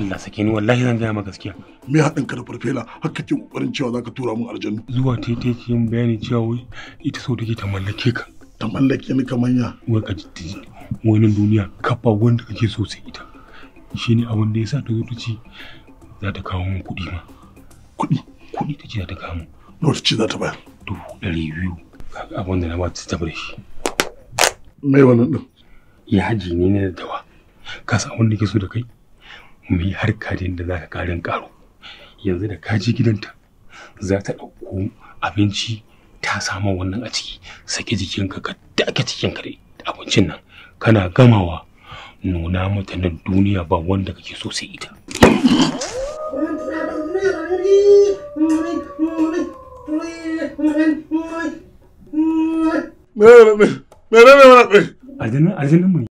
Allah sake ni wallahi zan gaya maka gaskiya. Me haɗin ka da farfela har kake kokarin cewa zaka tura mun aljannu. Zuwa tete ta yake bayani cewa wai ita so take ta mallake ka. Ta mallake ni kamar ya. Wai ka ji wani duniya kafa wanda kake so sai ita. Shine abin da yasa ta zo ta ce za ta kawo mun kuɗi ma. Kuɗi? Kuɗi ta ce za ta kawo mun. Nawa ta ce za ta bayar? Dubu ɗari biyu. Kaga abin da na ba ta tabar shi. Me wannan ɗin? Ya haji ne ne da dawa. Ka san abin da ke so da kai? mai harka da yadda za ka karin karo yanzu da kaji gidanta za ta ɗauko abinci ta samu wannan a ciki sake jikinka ka dake cikin kare abincin nan kana gamawa nuna mata nan duniya ba wanda kake so sai ita mere mere m